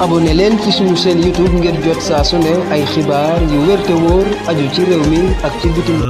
abonné leen ci suñu chaîne YouTube ngir jot saa su ne ay xibaar yu wér aju ci réew mi ak ci bitim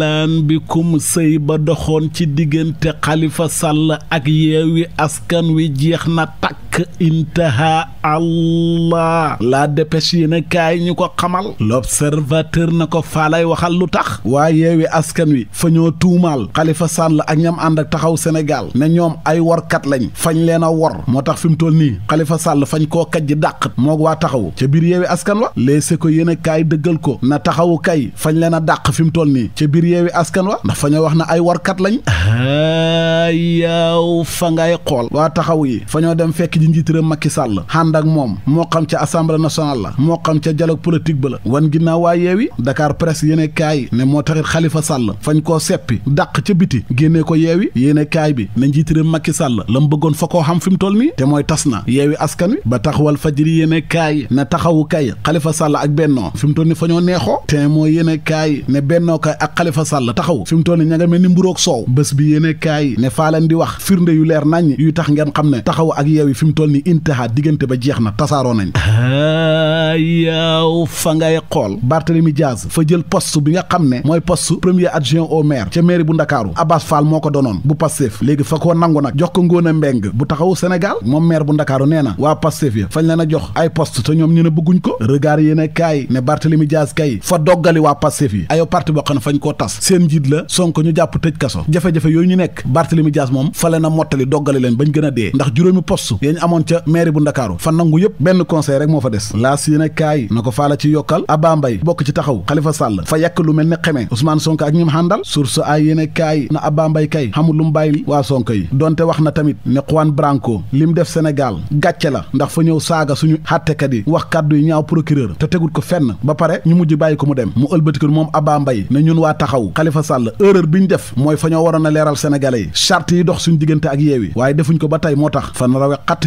lan bikum sëy ba doxoon ci diggante xalifa Sall ak yeewi askan wi jeex na takk lakk intaha allah la dépêche yéen kaay ñu ko xamal l'observateur na ko faalay waxal lu tax waa yeewi askan wi fa ñoo tuumaal Khalifa sàll ak ñam ànd ak taxaw Sénégal ne ñoom ay workat lañ fañ leen a wor moo tax fi mu toll nii xalifa sàll fañ koo kajj dàq moo waa taxaw ca biir yeewi askan wa léese ko yéen kaay dëggal ko na taxawu kay fañ leen a dàq fi mu toll nii ca biir yeewi askan wa ndax fa wax na ay workat lañ yow fa ngay xool waa taxaw yi fa njiitaram Macky Sall ànd ak moom moo xam ca assemblée nationale la moo xam ca dialogue politique ba la wan ginnaaw waa yeewi Dakar presse yéene kaay ne moo taxit Khalifa Sall fañ koo seppi dàq ca biti génnee ko yeewi yéene kaay bi ne njiitaram Macky Sall la mu bëggoon fa koo xam fi mu toll nii te mooy tas na yeewi askan wi ba taxawal fajiri yéene kaay ne taxawu kay Khalifa Sall ak bennoo fi mu toll ni fa ñoo neexoo te mooy yéene kaay ne bennoo kay ak Khalifa Sall taxaw fi mu toll ni ña nga mel ni mburoog soow bés bi yéene kaay ne yu leer naññ tax ngeen xam ne toll ni intaha diggante ba jeex na tasaaroo nañ yaaw fa ngay xool Barthélemy Diaz fa jël poste bi nga xam ne mooy poste premier adjoint au maire ca mairie bu Ndakaaru Abbas Fall moo ko doonoon bu Pastef léegi fa koo nangu nag jox ko Ngóone Mbeng bu taxawu Sénégal moom maire bu Ndakaaru nee na waa Pastef ya fañ leen a jox ay poste te ñoom ñu ne bëgguñ ko regard yéen a kaay ne Barthélemy Diaz kay fa doggali waa Pastef yi ayo parti boo xam ne fañ koo tas seen njiit la Sonko ñu jàpp tëj kaso jafe-jafe yooyu ñu nekk Barthélemy Diaz moom mottali doggali leen bañ gën a dee ndax juróomi amoon ca mairie bu ndakaaru fa nangu yëpp benn conseil rek moo fa des laas yéen kaay na ko faala ci yokkal Abba Mbaye bokk ci taxaw Khalifa Sall fa yàq lu mel ne xeme Ousmane sonk ak ñim xàndal source ay yéen kaay na Abba Mbaye kay xamul lu mu bàyyi waa sonk yi donte wax na tamit ne Juan Branco li mu def Sénégal gàcce la ndax fa ñëw saaga suñu xàttekat yi wax kàddu yi ñaaw procureur te tegut ko fenn ba pare ñu mujj bàyyi ko mu dem mu ëlbatiku moom Abba Mbaye ne ñun waa taxaw Khalifa Sall erreur bi ñu def mooy fa waroon a leeral sénégalais yi charte yi dox suñu diggante ak yeewi waaye ko ba tey moo tax fa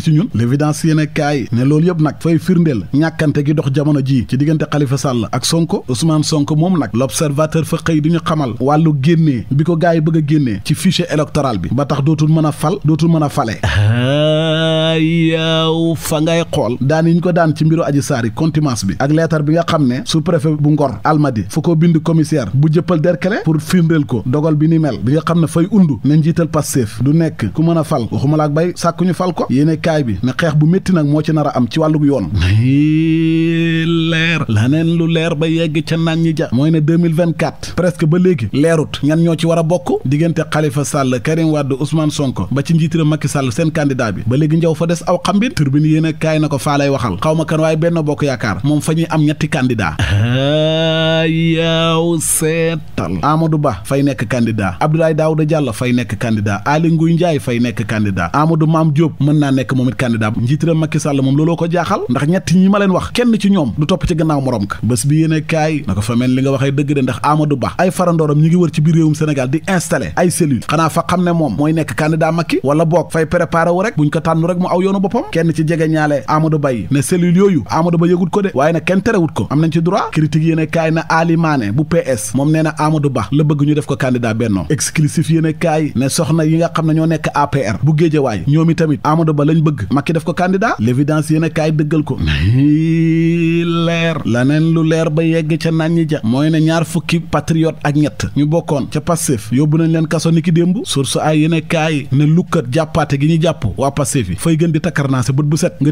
ci ñun l'évidence yéen kaay ne loolu yëpp nag fay firndeel ñàkkante gi dox jamono ji ci diggante Khalifa Sall ak Sonko Ousmane Sonko moom nag l'observateur fa xëy di ñu xamal wàllu génnee bi ko gars yi bëgg a génnee ci fichier électoral bi ba tax dootul mën a fal dootul mën a fale ah. yaaw fa ngay xool daaniñ ko daan ci mbiru aji saar yi bi ak leetar bi nga xam ne su préfet bu Ngor Almadi fu ko bind commissaire bu jëppal derkele pour firndeel ko dogal bi ni mel bi nga xam ne fay undu ne njiital Pastef du nekk ku mën a fal waxuma laak bay sàkku ñu fal ko yéene kaay bi ne xeex bu metti nag moo ci nar a am ci wàllug yoon leer nen lu leer ba yegg ca naan ñi ja mooy ne 2024 presque ba léegi leerut ñan ñoo ci war a bokk diggante Khalifa Sall Karim Wade Ousmane Sonko ba ci njiitiram Macky Sall seen candidat bi dafa des aw xambin turbine yéen a kaay na ko faa lay waxal xaw ma kan waaye benn bokk yaakaar moom fa ñuy am ñetti candidat ah, yaaw seetal Amadou Ba fay nekk candidat Abdoulaye Daouda Diallo fay nekk candidat Aly Ngouille Ndiaye fay nekk candidat Amadou Mame Diop mën naa nekk moom it candidat njiitiram Macky Sall moom looloo ko jaaxal ndax ñetti ñi ma leen wax kenn ci ñoom du topp ci gannaaw morom ka bés bi yéen a kaay na ko fa mel li nga waxee dëgg de ndax Amadou Ba ay farandooram ñi ngi wër ci biir xam ne moom mooy nekk candidat Macky wala boog fay préparé aw yoonu boppam kenn ci jege ñaale Amadou Ba yi ne cellule yooyu Amadou Ba yëgut ko de waaye nag kenn terewut ko am nañ ci droit critique yéene kaay na Ali Mané bu moom nee na Amadou Ba la bëgg ñu def ko candidat bennoo exclusif yéene kaay ne soxna yi nga xam ne ñoo nekk APR bu Géejawaay ñoom i tamit Amadou Ba lañ bëgg Macky def ko candidat l'évidence yéene kaay dëggal ko leer la nen lu leer ba yegg ca naan ñi ja mooy ne ñaar fukki patriote ak ñett ñu bokkoon ca Pastef yóbbu nañ leen kaso niki démb source ay yéene kaay ne lukkat jàppaate gi ñu jàpp gën di takkarnaase bët bu set nga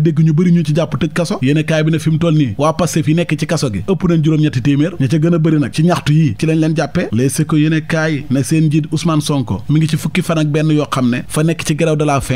dégg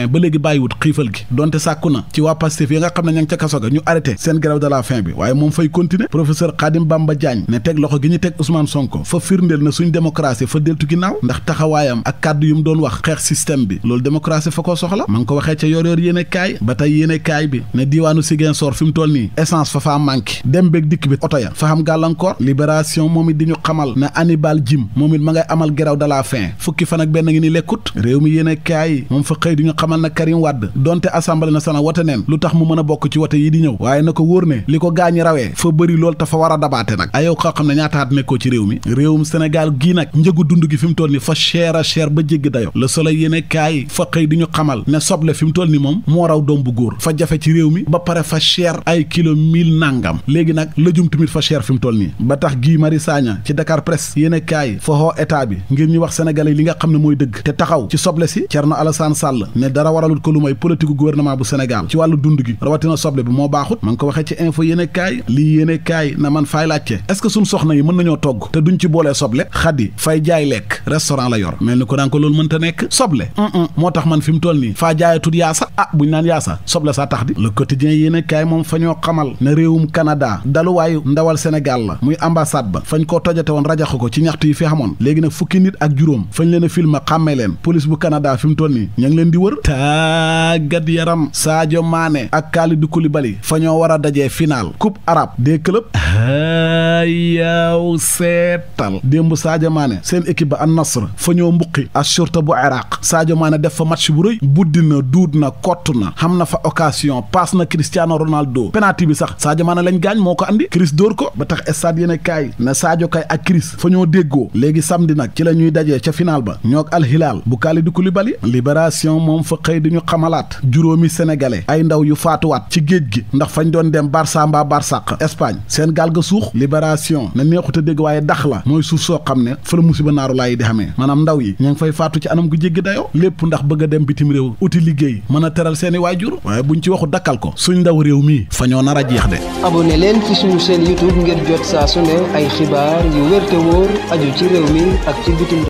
ba léegi bàyyiwut xiifal gi donte sàkku na ci waa Pastef nga xam ne ña ca kaso ga ñu arrêté seen grève de bi waaye moom fay continuer professeur Khadim Bamba Diagne ne teg loxo gi ñu teg Ousmane Sonko fa firndeel na suñ démocratie fa deltu ginnaaw ndax taxawaayam ak kàddu doon wax xeex système bi loolu démocratie fa ko soxla ma ngi ko waxee ca yor yor yéene kaay ba tey yéene kaay bi ne diiwaanu Ziguinchor fi mu toll nii essence fa faa manqué dem beeg dikk bi oto ya fa xam gàllankoor libération moom it di ñu xamal ne Hannibal Jim moom it ma ngay amal grève de la faim fukki fa ak benn ngi ni lekkut réew mi yéene kaay moom fa xëy di ñu xamal na Karim Wade donte assemblée nationale wote neen lu tax mu mën a bokk ci wote yi di ñëw waaye na ko wóor ne li ko gaañ rawee fa bari loolu te fa war a dabaate nag ayow koo xam ne ñaata at nekkoo ci réew mi réewum Sénégal gii nag njëgu dund gi fi mu toll ni fa cher ba jéggi dayo Le Soleil yéene kaay fa xëy di ñu xamal ne soble fi mu toll ni moom moo raw doom bu góor fa jafe ci réew mi ba pare fa cher ay kilo mille nangam léegi nag lëjum tamit fa cher fi mu toll nii ba tax Guy Marius Sagna ci Dakar Presse yéen kaay fa bi ngir ñu wax sénégalais li nga xam ne mooy dëgg te taxaw ci soble si Thierno Alassane Sall ne dara waralut ko lu may politique gouvernement bu Sénégal ci wàllu dund gi rawatina soble bi moo baaxut ma ko waxee ci info yéen kaay lii yéen kaay na man fay laajte est-ce soxna yi mën nañoo togg te duñ ci boolee soble xadi jaay lekk restaurant la yor mel ni ko daan ko loolu mënta nekk soble moo tax man fi mu toll nii faa jaayatut yaasa ah bu ñu naan yaasa soble saa tax di le quotidien yéen a kaay moom fa ñoo xamal ne réewum Canada daluwaayu ndawal Sénégal la muy ambassade ba fañ koo tojate woon rajaxu ko ci ñaxtu yi fi xamoon léegi nag fukki nit ak juróom fañ leen a filmé xàmmee leen police bu Canada fi mu toll nii ña ngi leen di wër tàggat yaram Sadio maane ak Kalidou Koulibaly fa fañoo war a dajee final coupe araab des clubs yaw seetal démb Sadio Mané seen équipe a an Nasr fa ñoo mbuqi ak Chorta bu Iraq Sadio def fa match bu lottu na xam na fa occasion paas na Cristiano Ronaldo penalty bi sax Sadio Mané lañ gaañ moo ko andi Chris dóor ko ba tax stade yéen kaay na Sadio kay ak Chris fa ñoo déggoo léegi samdi nag ci la ñuy dajee ca final ba ñoog Al Hilal bu Kalidou Koulibaly libération moom fa xëy di ñu xamalaat juróomi sénégalais ay ndaw yu faatuwaat ci géej gi ndax fañ doon dem Barça mbaa Barsàq Espagne seen gaal ga suux libération na neexut a dégg waaye dax la mooy suuf soo xam ne fa la musiba naaru laa maanaam ndaw yi ña ngi fay faatu ci anam gu jéggi dayoo lépp ndax bëgg a dem bitim réew uti liggéey mën a dakkal seeni waajur waaye buñ ci waxu dakkal ko suñ ndaw réew mi fañoo ñoo nar a jeex de. abonné leen ci suñu chaîne YouTube ngir jot saa su ne ay xibaar yu wér te wóor aju ci réew mi ak ci bitim